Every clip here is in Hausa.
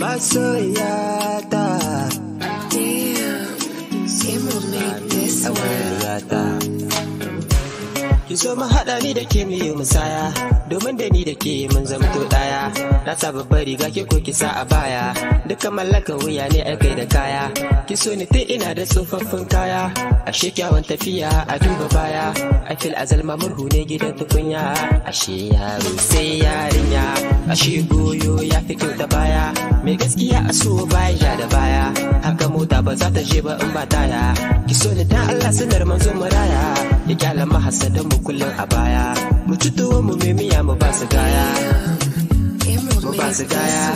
Masoya. zo mu haɗa ni da ke mu yi musaya domin da ni da ke mun zama to ɗaya na sa babbar riga ke ko kisa a baya duka mallaka wuya ne aikai da kaya ki so ni tun ina da tsofaffin kaya ashe kyawun tafiya a duba baya a fil azal mamurhu ne gidan tukunya ashe yaro sai yarinya ashe goyo ya fi kyau da baya mai gaskiya a so baya ja da baya haka mota ba za ta je ba in ba taya ki so ni dan Allah sanar manzo raya ya kyala da mu kullum a baya mu ci tuwo mu mai miya mu ba su gaya mu ba su gaya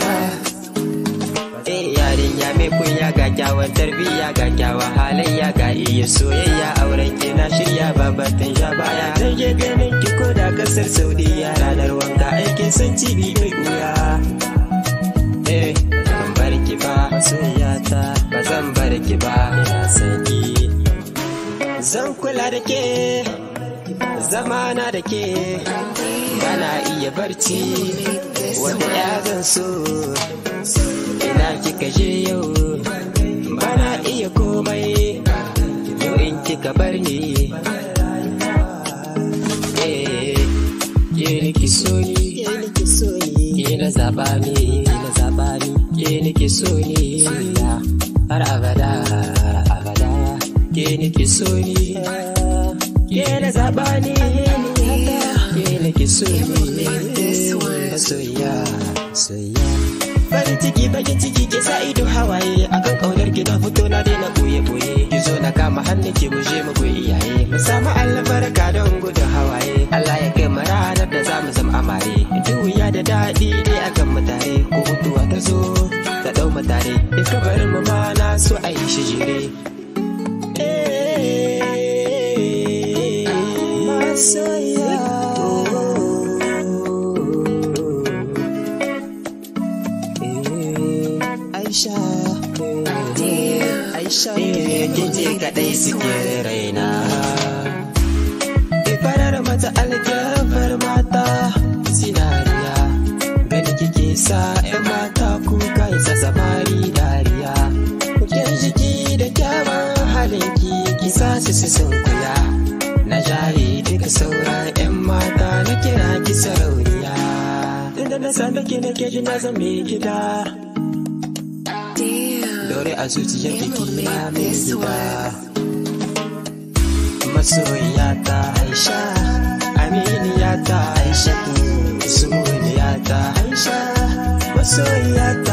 eh, yarin ya mai kunya ga kyawar tarbiyya ga kyawar halayya ga iya soyayya auren ke shirya babatan sha baya zan je ganin ki ko da kasar saudiya ranar wanka aikin san cibi mai kuya eh ban bar ki ba soyayya zan kula da ke zamana da ke bana iya barci wanda ya zan so ina kika je yau bana iya komai yau in kika bar ni eh, ke nake so soni? ke na zaba ni ke nake so ni ke nake so ni ke na zaɓa ni ke nake so ni soya soya farin ciki bakin ciki ke sa ido hawaye akan kaunar gidan ta fito na daina boye boye ki zo na kama hannu ki muje mu goyi iyaye mu samu albarka don gudun hawaye Allah ya kai mu ranar da za mu zama amare duk wuya da daɗi ne a kan tare ko mutuwa ta zo ta ɗau mu tare ka barin mu ma na so a yi shi jere soya eh, Aisha eh, Aisha Kije kaɗai suke raina Ifarar mata aljabar mata zinariya Gani kike sa 'yan mata kuka isa samari dariya Kuken jiki da kyaman halinki kisa su sun saura yan mata na kira ki sarauniya tunda na san da ke na ke na zan mai gida dore a zuciyar ki kima mai gida masoyiya ta aisha aminiya ta aisha su ta aisha masoyiya ta